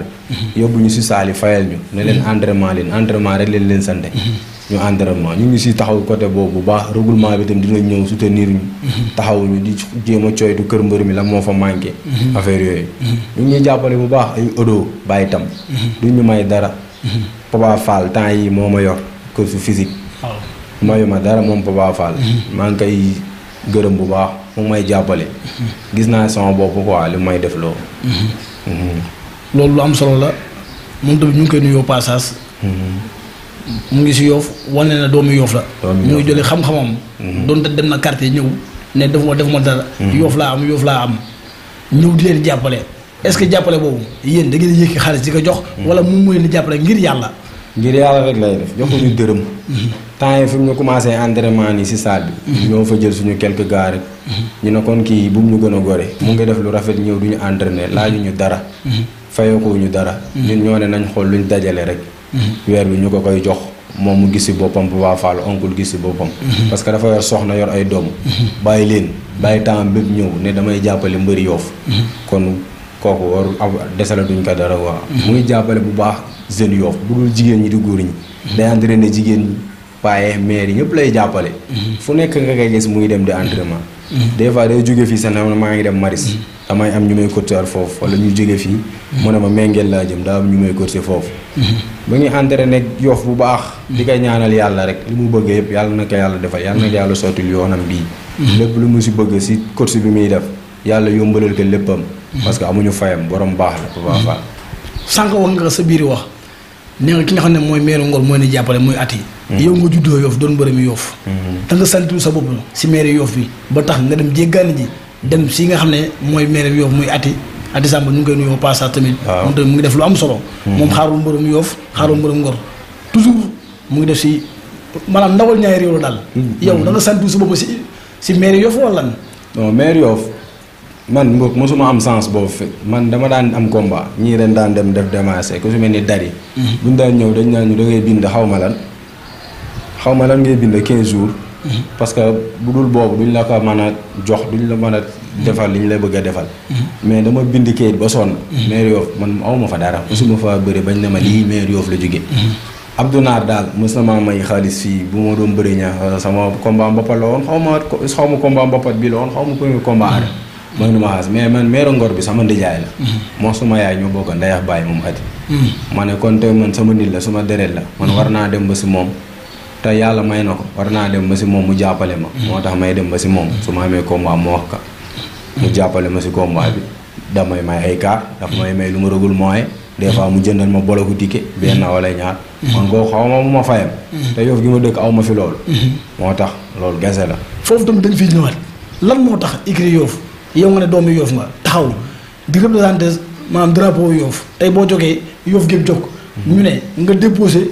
yóbbu ñu si saal yi fayal ñu ne leen entraînement leen entraînement rek leen leen sante ñu entraînement ñu ngi si taxaw côté boobu bu baax règlement bi tam dinañ ñëw soutenir ñu taxawuñu di jéem a coytu kër mbër mi la moo fa manqué affaire yooyu ñuy jàppale bu baax ay odo bàyyi tam duñ ñu may dara Papa Fall temps yi moo ma yor kër su physique ma dara moom Papa Fall mm-hmm. maa ngi gërëm bu baax mu may jàppale. gis naa sama bopp quoi li may def loo. Mhm. loolu lu am solo la moom tamit ñu ngi koy nuyoo passage. Mhm. mu ngi si yoof wane na doomu yoof la. mu ngi jëlee xam-xamam. Mhm. doonte dem na quartier ñëw ne defuma ma dara. yoof laa am yoof laa am ñëw di leen jàppale est-ce que jàppale boobu yéen da ngeen ki xaalis di ko jox. wala mu mu leen jàppale ngir yàlla. ngir yàlla rek lay def joxuñu dërëm. temps yi fi mu ñu nii si salle bi. ñoo fa jël suñu quelques gars rek. ñu ne kon kii bu mu ñu gën a gore. mu ngi def lu rafet ñëw duñu du ñu dara laajuñu ko ñu dara. ñun ñoo ne nañ xool luñ dajale rek. weer bi ñu ko koy jox. moom mu gis si boppam bu baax Fall oncle gis si boppam. parce que dafa yor soxna yor ay doom. bàyyi leen bàyyi temps bépp ñëw ne damay jàppale mbëri yoof kon kooku warul am desala duñ ko dara waaw. mu ngi jàppale bu baax jeunes Yoff bu dul jigéen ñi di góor ñi. Mm-hmm. day entraîné jigéen ñi paaye maire yëpp lay jàppale. Mm-hmm. fu nekk nga koy gis mu ngi dem di entraînement. Mm-hmm. des fois day jóge fii sax maa ngi dem Maris. damay am ñu may cotiser foofu wala ñu jóge fii. mu ne ma méngeel laa jëm daa am ñu may cotiser foofu. mu ngi ne Yoff bu baax. di ka ñaanal yàlla rek li mu bëgg yëpp yàlla na ko yàlla defal yàlla na ko yàlla sottil yoonam bii. lépp lu mu si bëgg si course bi muy def yàlla yombalal ko léppam. parce que amuñu fayam borom baax la Papa Fall. sànq wax nga sa biir wax nee nga ki nga xam ne mooy meeru Ngor mooy ne jàppale mooy at yi. yow nga juddoo yoof doon mbërëm yoof. Mhm. te nga santu sa bopp si meeru yoof bi ba tax nga dem jéggaani ji dem si nga xam ne mooy meeru yoof muy at yi ati sàmba ñu ngi koy nuyoo passage tamit. waaw moom tamit mu lu am solo. Mhm. moom xaarul mbërëm yoof xaarul mbërëm Ngor toujours mu ngi def si maanaam ndawal ñaari réew daal. Mhm. yow da sa bopp si si meeru yoof wala yoof man mboog mosuma am sens boobu fekk man dama daan am combat ñii ren daan dem def démarché ku su mel ni dari mhm. buñ daan ñëw dañ naan ñu da ngay bind xaw ma lan xaw ma lan ngay bind 15 jours mhm. parce que bu boobu duñ la ko mën a jox duñ la mën a defal li ñu la bëgg a defal mhm. mais dama bind kayit ba sonn maire yoof man awma fa dara mosuma fa bëri bañ ne ma lii maire yoof la jóge Abdou Naar daal mës na maa may xaalis fii bu ma doon bëri ña sama combat mbappat la woon xaw ma xaw ma combat bi la woon xaw ma premier combat mooy nu ma xas mais man meeru ngor bi sama ndijaay la. Mm-hmm. moo suma yaay ñoo bokk ndey ak baay moom xati. Mm-hmm. ma ne kon tey man sama nit la suma deret la man mm-hmm. war naa dem ba si moom te yàlla may na ko war naa dem ba si moom mu jàppale ma. moo tax may dem ba si moom su ma amee combat mu wax ka mu jàppale ma si combat bi damay may ay kaa daf may may lu ma rëggul mooy. des fois mu jëndal ma boloku ticket benn wala ñaar. man koo xaw ma bu ma fayam. te yoofu gi ma dëkk aw ma fi loolu. moo tax loolu gese la. foofu tamit dañ fiy ñëwaat moo tax Igri Yoff yow nga ne doomu yoof nga taxaw di représenté maanaam drapeau yoof tey boo jógee yoof gépp jóg hmm. ñu ne nga déposé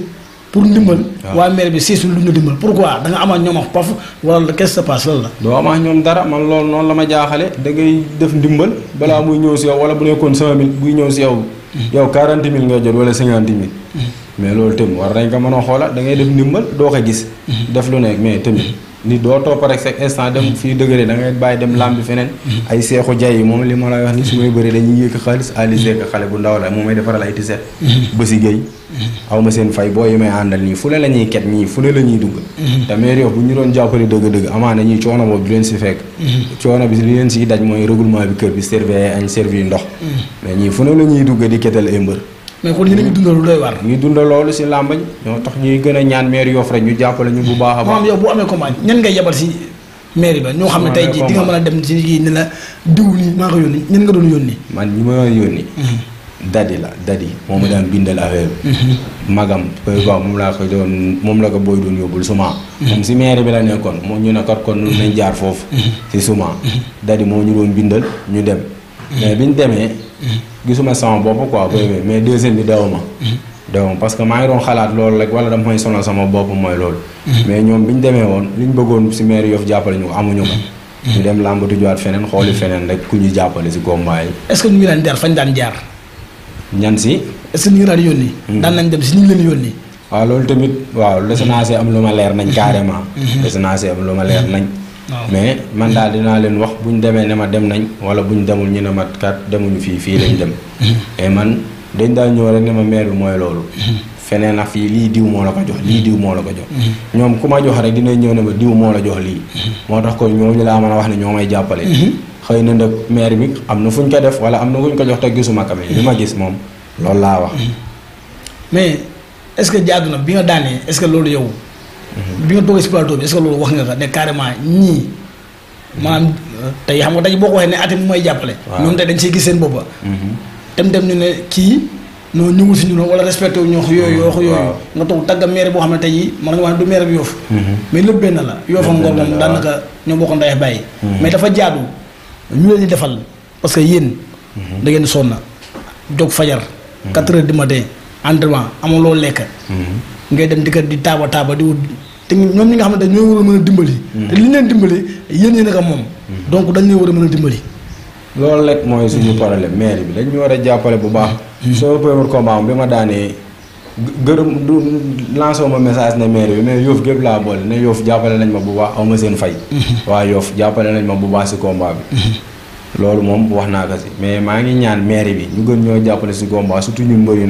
pour ndimbal ah. waaye maire bi siisul lu ñu ndimbal pourquoi da nga amaat ñoom ak paf wala qu'est-ce qui la doo amaat ñoom dara man loolu noonu la ma jaaxale da ngay def ndimbal balaa muy ñëw si yow wala bu nekkoon cent mille buy ñëw si yow hmm. yow quarante mille ngay jot wala cinquante mille hmm. mais loolu tamit war nañ nga mën a xoola dangay ngay def ndimbal doo ko gis def lu nekk mais tamit ni doo topp rek chaque instant dem fii dëgëre da ngay bàyyi dem làmbi feneen mm-hmm. ay seexu jay yi moom li ma lay wax ni su may bëri dañuy yëkk xaalis Ali Seck mm-hmm. xale bu ndaw la moom may defaral ay tiset bësi géey aw ma seen fay boo yi may àndal nii fu ne la ñuy ket ñii fu ne la ñuy dugg mm-hmm. te maire yox bu ñu doon jàppale dëgg-dëgg amaana ñii coono boobu du leen si fekk coono bi li leen siy daj mooy règlement bi kër bi servir añ yu ndox mais ñii fu ne ñuy dugg di ketal ay mbër mais kon yéen a ngi dundal lu doy waar. ñu dundal loolu si làmbañ. ñoo tax ñuy gën a ñaan maire Yoff rek ñu jàppale ñu bu baax a baax. maanaam yow bu amee commande ñan ba ñoo xam ne tey jii di nga a dem si ne la diw nii maa ko yónni ñan nga doon yónni. man ñi ma yónni. Mhm. dadi la dadi moo ma mhm. daan bindal affaire bi. Mhm. magam koy baax moom laa ko doon moom la ko booy doon yóbbul suma. moom si maire bi la nekkoon moo ñu ne kat kon nu nañ jaar foofu. si suma. dadi moo ñu doon bindal ñu dem. mais biñ demee. gisuma sama bopp quoi premier mhm. mais deuxième bi dawma mhm. donc parce que ma ngi doon xalat loolu rek wala dama may sonal sama bop moy loolu mhm. mais ñom bi démé won liñ bëggoon ci maire yof jàppale ñu amuñu ko ñu dem di juwaat fenen xoli fenen rek ku ñu jàppale si combat est-ce que ñu ngi jaar fañ dan jaar ñan si est-ce que ñu ngi daan yónni nañ dem ci ñu ngi leen yónni waaw loolu tamit wa dese naa am luma leer nañ carrément dese naa am luma leer nañ mais man daal dinaa leen wax bu ñu demee ne ma dem nañ wala bu ñu demul ñu ne ma kat demuñu fii fii lañ dem et man dañ daa ñëw rek ne ma maire bi mooy loolu feneen a fii lii diw moo la ko jox lii diw moo la ko jox ñoom ku ma jox rek dinañ ñëw ne ma diw moo la jox lii moo tax ko ñooñu laa mën a wax ne ñoo may jàppale xëy na nag maire bi am na fu ñu ko def wala am na fu ñu ko jox te gisuma ka li ma gis moom loolu laa wax mais est-ce que jàgg na bi nga daanee est-ce que loolu yow bi nga toogee si plateau bi est-ce que loolu wax nga ko ne carrément ñii. maanaam tey xam nga dañ boo ko waxee ne ati mu may jàppale. waaw ñoom dañ siy gis seen bopp. Mhm. dem dem ñu ne kii noo ñëwul si ñun wala respecté wu ñoo yooyu yoo yooyu. nga toog tagga maire boo xam ne tey mën nga wax ne du maire bi yoof. Mhm. mais lépp benn la yoof ak ngor moom daanaka ñoo bokkoon day bàyyi. Mhm. mais dafa jaadu ñu leen di defal parce que yéen. da ngeen sonn jóg fajar. 4 heures du matin entraînement amuloo lekk. ngay dem di kat di taaba taaba di wut te ñoom ñi nga xam ne ñoo war a mën a dimbali. te li ñu leen dimbali yéen yéen a ko moom. Mm-hmm. donc dañ leen war a mën a dimbali. loolu rek mooy suñu problème maire bi dañ ñu war a jàppale bu baax. Mm-hmm. soo premier combat bi ma daanee gërëm du lancé ma message ne maire bi mais yoof gépp laa boole ne yoof jàppale nañ ma bu baax aw ma seen fay. Mm-hmm. waa yoof jàppale nañ ma bu baax si combat bi. loolu moom wax naa ko si mais maa ngi ñaan maire bi ñu gën ñoo jàppale si combat surtout ñun mbëri yu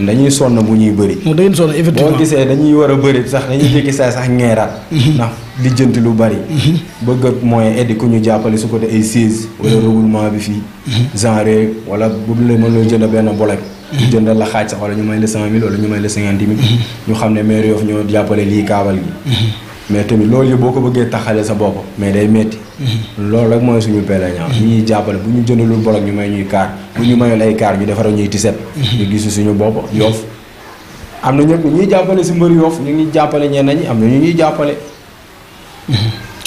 yi dañuy sonn bu ñuy bëri boo gisee dañuy war a bëri sax dañuy jékki saa sax ngeeraat ndax lijjanti lu bari bëgg ak mooy aide ku ñu jàppale su ko de ay siège wala regroupement bi fii genre wala bu la mën loo jënd benn bolek ñu jëndal la xaaj sax wala ñu may la cent mille wala ñu may la cinquante mille ñu xam ne maire Yoff ñoo jàppale lii kaabal gi mais tamit loolu yëpp boo ko bëggee taxale sa bopp mais day metti mhm. loolu rek mooy suñu pèlerinage ñu mhm. ñuy jàppale bu ñu jëndalul bolog ñu may ñuy kaar bu ñu mayul ay kaar ñu defaral ñuy tiset ñu mhm. gisu suñu bopp yoof am na ñëpp ñu ñuy jàppale si mbëri yoof ñu ngi jàppale ñenn ñi am na ñu ñuy jàppale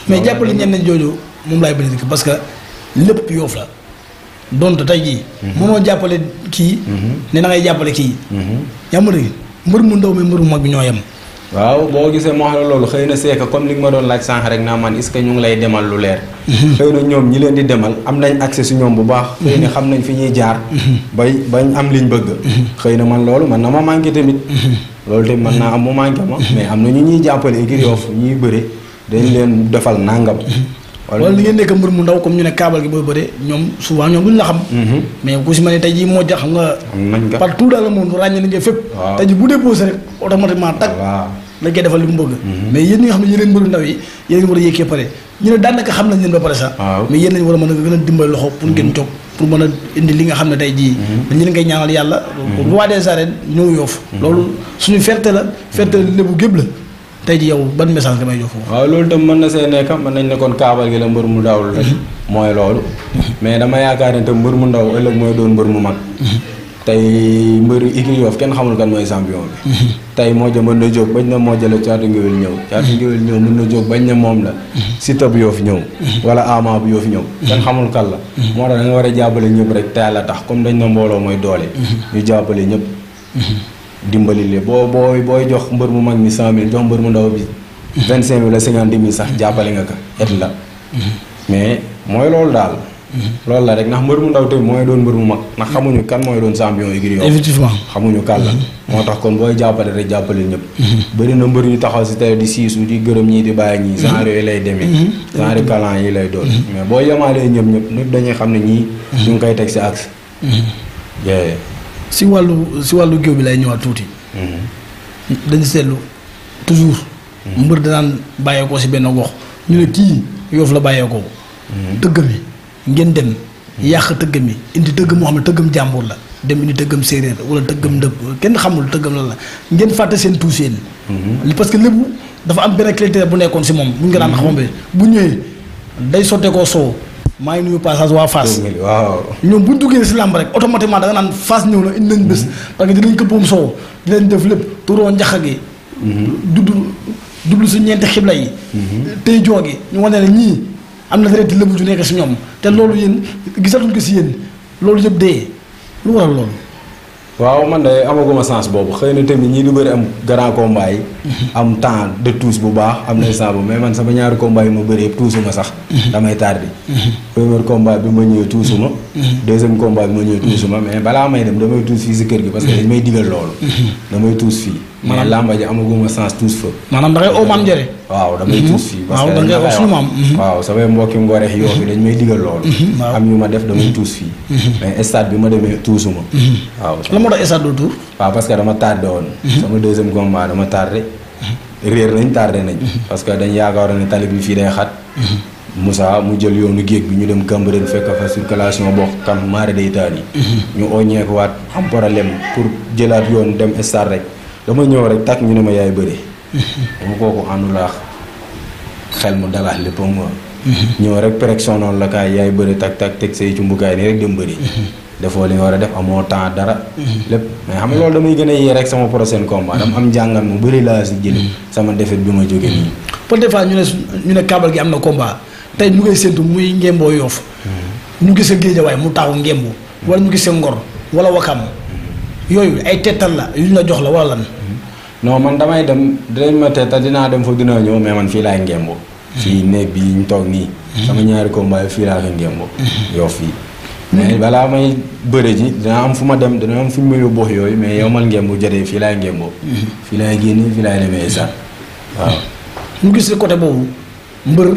mais jàppale ñenn ñi jooju moom laay bëri parce que lépp yoof la dont tey jii mënoo jàppale kii ne da jàppale kii yaa ma mbër mu ndaw mi mbër mu mag bi ñoo yem waaw boo gisee moo xam ne loolu xëy na seeka comme li nga ma doon laaj sànq rek naa man est-ce que ñu ngi lay demal lu leer mhm. xëy na ñoom ñi leen di demal am nañ accès si ñoom bu baax mhm. xëy na xam nañ fi ñuy jaar mhm. bay bañ am liñ bëgg xëy na man loolu man na ma manqué tamit loolu tamit mën naa am mu manqué ma mais am na ñu ñuy jàppale ngir ñuy bëre dañ leen defal nàngam wala li ngeen nekk mbër mu ndaw comme ñu ne kaabal gi booy bëre ñoom souvent ñoom duñ la xam mm-hmm. mais ku si ma ne tey jii moo xam nga partout dans le monde ràññe nañ ko fépp tey jii bu déposé rek mm-hmm. a a mën a a dimbali loxo pour ngeen mm-hmm. jóg pour mën a indi nga xam ne tey jii dañ leen koy ñaanal yàlla roi des arènes ñëw yoofu loolu suñu ferte la ferte la lébu gépp la tey ji yow ban message nga may jox foofu. loolu tam mën na see nekk mën nañ ne kon kaabal gi la mbër mu daawul rek. Mhm. mooy loolu. mais dama yaakaar ne tam mbër mu ndaw ëllëg mooy doon mbër mu mag. Mhm. tey mbër Ikri Yoff kenn xamul kan mooy champion bi. Mhm. tey Modja mën na jóg bañ na Modja la caatu ngéwél ñëw. caatu ngéwél ñëw mën na jóg bañ na moom la. Siteu bu Yoff ñëw. wala Ama bu Yoff ñëw. kenn xamul kan la. moo tax da war a jàppale ñëpp rek tey la tax comme dañ na mbooloo mooy doole. ñu jàppale ñëpp. dimbali le bo boy boy jox mbeur mu mag mi 100000 jox mbeur mu ndaw bi 25 50000 sax jappalé nga ka et la mais moy dal lool la rek ndax mbeur mu ndaw tay moy don mbeur mu mag ndax xamuñu kan moy don champion igri yo effectivement xamuñu kan la motax kon boy jappalé rek jappalé ñep bari na mbeur yu taxaw ci tay di siisu di gëreum ñi di baye ñi genre yoy lay démé mhm. genre calan yi lay doon mhm. mais boy yamalé ñep ñep ñep dañuy xamné ñi mhm. ñu koy tek ci axe yeah si wàllu si wàllu géew bi lay ñëwaat tuuti. Mm-hmm. dañu seetlu toujours. Mm-hmm. mbër danaan bàyyeekoo si benn gox ñu ne kii yoof la bàyyeekoo. Mm-hmm. tëgg mi ngeen dem. yàq tëgg mi indi tëgg moo xam ne tëggam jàmbur la dem indi tëggam séeréer wala tëggam ndëb kenn xamul tëggam la la ngeen fàtte seen tuus yéen. parce que lépp dafa am benn critère bu nekkoon si moom. bu ñu ko daan xamante bu ñëwee day koo soow. maa ngi nuyu passage waa Fass. waaw ñoom bu ñu duggee si làmb rek automatiquement da nga naan Fass ñëw na indi nañ bés. Mm-hmm. parce que dinañ këppoom soow dinañ def lépp turoo njaxa gi. Mm-hmm. dudd dublu si ñeenti xibla yi. Mm-hmm. tey joogi ñu wane ne ñii am na traité lëbu ju nekk si ñoom te loolu yéen gisatuñ ko si yéen loolu yëpp dee lu waral loolu. waaw man de amaguma sens boobu xëy na tamit ñi lu bëri am grand combat am temps de tuus bu baax am na saabu mais man sama ñaari combat yi ma bëri yëpp tuusuma sax. damay tardé. premier combat bi ma ñëwee tuusuma. deuxième combat bi ma ñëwee tuusuma mais balaa may dem damay tuus fii si kër gi parce que dañ may digal loolu. damay tuus fii. mais lamba ji amaguma sens tuus fa. maanaam da ngay oo maam Njare. waaw damay mhm. tuus fii. parce que da ngay wax mhm. waaw samay mbokki ngoreex yoo fi dañ may digal loolu. Mhm. am ñu ma def damay tuus fii. mais stade bi ma demee tuusuma. waaw la moo tax stade doo tuur. waaw parce que dama tardé woon. sama deuxième combat dama tardé. réer nañ tardé nañ. parce que dañ yaakaar ne tali bi fii day xat. Moussa mu jël yoonu géej bi ñu dem Cambérène fekk fa circulation boo xam maare day taal yi. ñu am pour jëlaat yoon dem stade rek. dama ñëw rek tàkk ñu ne ma yaay bëri. dama kooku àndulaax xel mu dala lépp ma. ñëw rek pression noonu la kaay yaay bëri tak tak teg say cumbukaay nii rek dem bëri. defoo li nga war a def amoo temps dara. lépp mais xam nga loolu damay gën rek sama prochain combat. dama am jàngat mu bëri laa si jëli. sama bi ma jógee nii. peut des ñu ñu ne kaabal gi am na combat tey ñu koy séntu muy ngemboo yoof hmm. ñu gis sa waaye mu taxaw ngembu. wala ñu gis sa ngor wala wakam Yoi, ay tettal la yu na jox la wala lan mm-hmm. non man damay dem dañ ma tettal dina dem fo dina ñew mais man fi lay ngembo ci mm-hmm. ne bi ñu tok ni mm-hmm. sama ñaari combat fii laa ko ngembo yo fi mais bala may beure ji dina am fuma dem dina am fu ma bo, yoy mais yow mal ngembo jëree fi lay ngembo fi lay gene fi lay demee sax waaw ñu gis côté bobu mbeur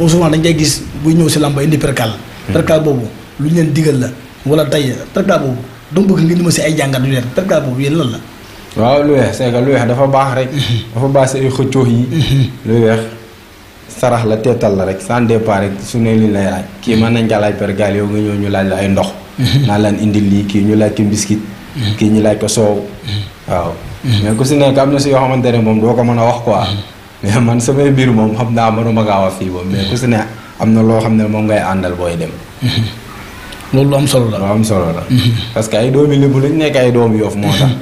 au souvent dañ day gis bu ñew ci lamba indi percal percal bobu lu ñen la wala tay percal bobu dama bëgg ngeen di ma si ay jàngat yu leer pergal boobu yéen lan la. waaw lu weex c'est lu weex dafa baax rek. Mhm. dafa baax si ay xëccoo yi. Mhm. lu weex sarax la teetal la rek sans départ rek su ne lii lay laaj kii mhm. mën nañ jàllale pergal yow nga ñëw ñu laaj la ay ndox. naa leen indi lii kii ñu laaj ko biscuit. kii ñu laaj ko soow. waaw mais ku si nekk am na si yoo xamante ne moom doo ko mën a wax quoi. mais man samay biir moom xam naa manuma gaaw a fii moom mais ku si ne am na loo xam ne moom ngay àndal booy dem. loolu lu solo la. lu am solo la. parce que ay doomi Lébu lañ nekk ay doom Yoof moo tax.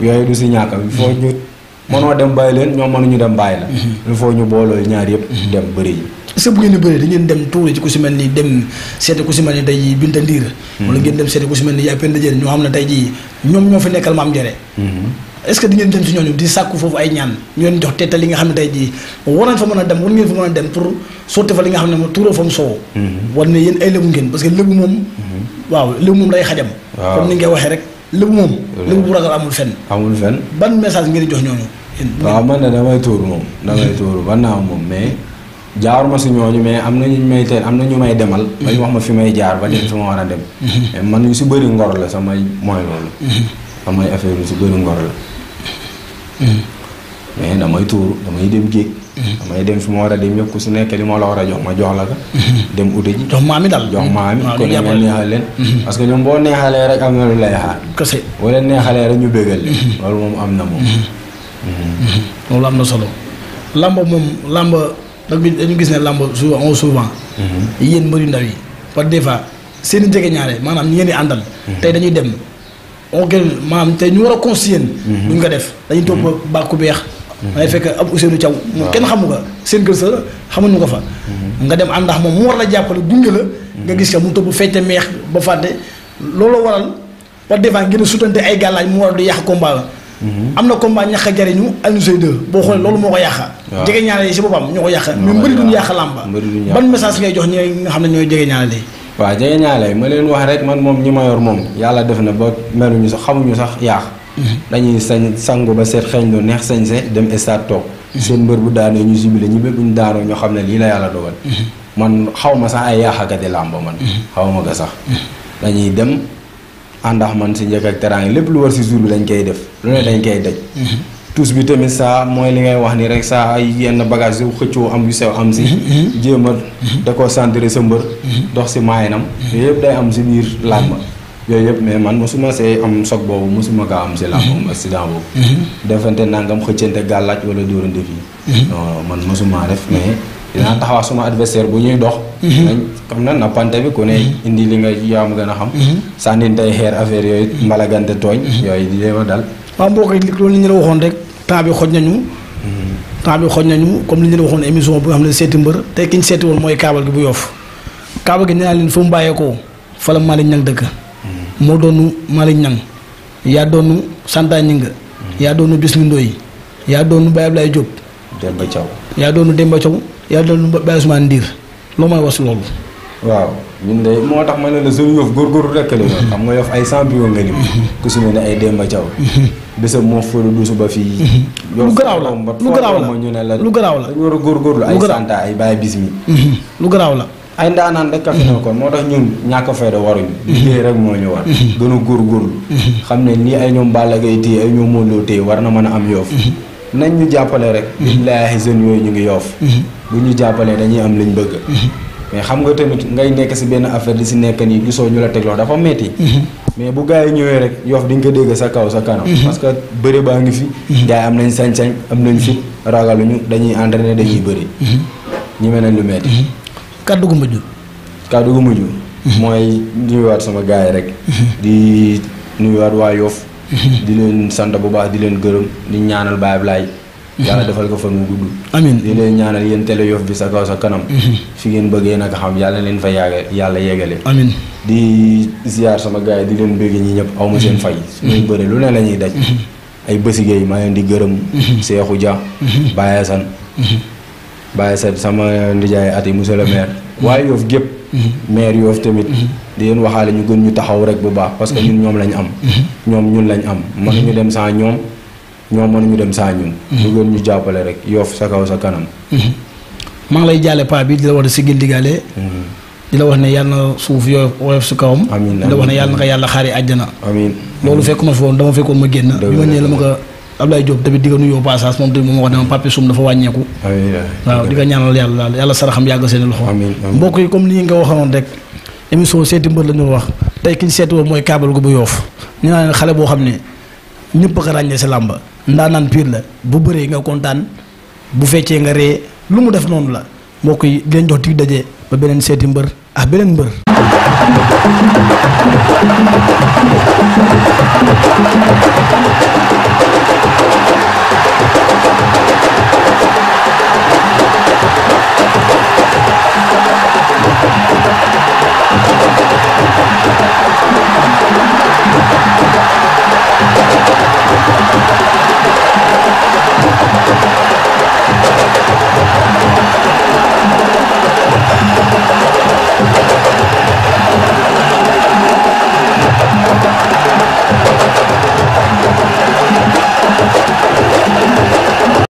yooyu du si ñàkk il ñu mënoo dem bàyyi leen ñoom ñu dem bàyyi la. Mhm. il faut ñu booloo ñaar yëpp. Mhm. dem bëri yi. est-ce que bu bëri da ngeen dem tuuri ci ku si mel ni dem seeti ku si mel ni tey Binta Ndiir. Mhm. wala ngeen dem seeti ku si mel ni Yaay Penda Jeen ñoo xam ne tey jii ñoom ñoo fi nekkal maam Jere. est-ce que di ngeen dem ci ñooñu di sàkku foofu ay ñaan ñu leen jox teetal li nga xam ne tey jii war fa mën a dem war ngeen fa mën a dem pour sotti fa li nga xam ne moom tuuroo fa mu soow mhm. ngeen parce que lébu moom mhm. waaw lébu moom day xajam comme waxee rek lébu moom lébu bu ragal amul fenn amul fenn ban message ngeen jox ñooñu waaw man de damay tuur moom damay mhm. ban naa moom mais jaar ma si ñooñu mais am na ñu may teel am na ñu may demal ba ñu wax ma fi may jaar ba dem fi ma war a dem man yu si bëri ngor la samay mooy loolu samay affaire yu si bëri ngor la Mm-hmm. mais damay tuuru damay dem géej. Mm-hmm. damay dem fi ma war a dem yëpp ku si nekk li ma la war a jox ma jox la ko. Mm-hmm. dem uti ji jox maami daal jox maami. waaw kon nga neexal leen. parce que ñoom boo neexalee rek am na lu lay xaar. kese boo leen neexalee rek ñu bégal leen. loolu moom am na moom. loolu am na solo. lamba moom lamba dañu gis ne lamba souvent souvent. yéen mbëri ndaw yi par des fois seen i jege ñaare maanaam ñi ngeen di àndal. tey dañuy dem. on gën maam te ñu war a conscient. Mhm. duñ ko def dañuy topp mhm. bàkku beex. Mhm. day fekk ab Ousseynou Thiaw. waaw kenn xamu ko seen kër sa xamuñu ko fa. nga dem àndax moom mu war la jàppale gunge la. nga gis ka mu topp fecce meex ba fàtte loolu waral par des ngeen a sutante ay gàllaaj mu war di yàq combat am na combat ñax a jariñu Alioune Seye 2 boo xoolee loolu moo ko yàq. waaw jege ñaale yi si boppam ñoo ko yàq. mais mbëri duñ yàq làmba ban message ngay jox ñi ne ñooy jege ñaale waaw jege ñaale ma leen wax rek man moom ñi ma yor moom yàlla def na ba meluñu sax xamuñu sax yaax mhm. dañuy sañ sangu ba seet xeeñ lu neex sañ se dem stade toog mhm. seen mbër bu daanoo ñu sibile ñi bu ñu daanoo ñoo xam ne lii la yàlla dogal mhm. man xaw ma sax ay yaaxakati làmb man xaw ma ko sax dañuy dem àndax man si njëkk ak teraange lépp lu war si jour bi dañ koy def lu ne dañ koy daj tous bi tamit saa mooy li ngay wax ni rek saa yenn bagage yu xëccoo am yu sew am si mm-hmm, mm-hmm. jéem a mm-hmm. da koo sa mbër dox si maayanam yooyu yëpp day am si biir làmb yooyu yëpp mais man mosuma see am soog boobu mosuma kaa am si làmb am accident boobu defante nangam xëccante gàllaaj wala dóorante fii man mosuma def mais dinaa taxaw suma adversaire bu ñuy dox xam na nappante bi ku ne indi li nga yaam gën a xam sànni tey xeer affaire yooyu mbalagante tooñ yooyu di dal waaw mbokk yi loolu li ñu la waxoon rek temps bi xoj nañu. temps bi xoj nañu comme li ñu la waxoon émission bi nga xam ne seeti mbër te ki ñu seeti woon mooy kaabal gi bu yoof kaabal gi ne naa leen fu mu bàyyeekoo fa la Malick Niang dëkk. moo doonu Malick Niang yaa doonu Santa Ñinga. yaa doonu Bisli Ndoy yaa doonu Baye laay Diop. Demba Thiaw yaa doonu Demba caw yaa doonu Baye Ousmane Ndiir loo may was loolu. waaw ñun de moo tax ma ne la seen yof góor rek la xam nga yof ay champion nga lim. ku si mel ne ay Demba Thiaw. bésam moo fóotu duusu ba fii. lu garaaw la lu garaaw la ñu ne la lu garaaw la dañu war a góorgóorlu ay santa ay bàyyi bismi. lu garaaw la. ay ndaanaan rek ka fi nekkoon moo tax ñun ñàkk fayda waruñu liggéey rek moo ñu war gën a góorgóorlu xam ne nii ay ñoom Balla Gaye téye ay ñoom Modou Lo téye war na mën a am yoof nañ ñu jàppale rek uhuh. billaahi jeunes yooyu ñu ngi yoof uhuh. bu ñu jàppalee dañuy am liñ bëgg mais xam nga tamit ngay nekk si benn affaire di si nekk nii gisoo ñu la tegloo dafa metti mhm. mais bu gars yi ñëwee rek yof di nga ko sa kaw sa kanam mhm. parce que bëri baa ngi fi mhm. gars am nañ sañ-sañ am nañu nañ fit ñu dañuy entraîné dañuy bëri ñi mel ne lu metti kàddu gu mujj kàddu gu mujj mooy nuyuwaat sama gars yi rek di nuyuwaat waa yof di leen sant bu baax di leen gërëm di ñaanal Baye Ablaye yàlla defal ko fan mu gudd. amiin di ñaanal yéen tele Yoff bi sa kaw sa kanam. Mhm. fi ngeen bëggee naka xam yàlla leen fa yaaga yàlla yeegale. amiin di ziar sama gars yi di leen bëgg ñi ñëpp aw ma seen mhm. fay. Mhm. suñuy bëre lu ne la ñuy daj. ay bësigé yi maa leen di gërëm. Seexu Dia. Baye San. Baye San sama ndijaay at yi monsieur le maire. waaye Yoff gépp. maire Yoff tamit. di leen waxaale ñu gën ñu taxaw rek bu baax. parce que ñun ñoom lañ am. ñoom ñun lañ am. ñu dem sans ñoom. ñoom ñu dem saa ñun. bëggoon mhm. ñu jàppale rek yoof sa kaw sa kanam. Mhm. maa ngi lay jaale paa bi di la wax ne siggil diggaale. Mhm. di la wax ne yàlla na suuf yoof si su kawam. amiin di la wax ne yàlla na ko yàlla xaari àjjana. amiin loolu fekkuma fi woon dama fekkoon ma génn. dëgg la la ma ko tamit di ko nuyoo passage moom tamit moom wax ne ma papi sum dafa wàññeeku. waaw di ko ñaanal yàlla daal yàlla saraxam yàgg seen loxo. mbokk yi comme ni nga waxoon rek émission seeti mbër la ñu wax tey ki ñu seeti woon mooy kaabal gu bu yoof ñu naan xale boo xam ne ñëpp a ko ràññee si làmba ndaanaan piir la bu bëree nga kontaan bu feccee nga ree lu mu def noonu la mbokk yi di jox dig daje ba beneen seeti mbër ah beneen mbër.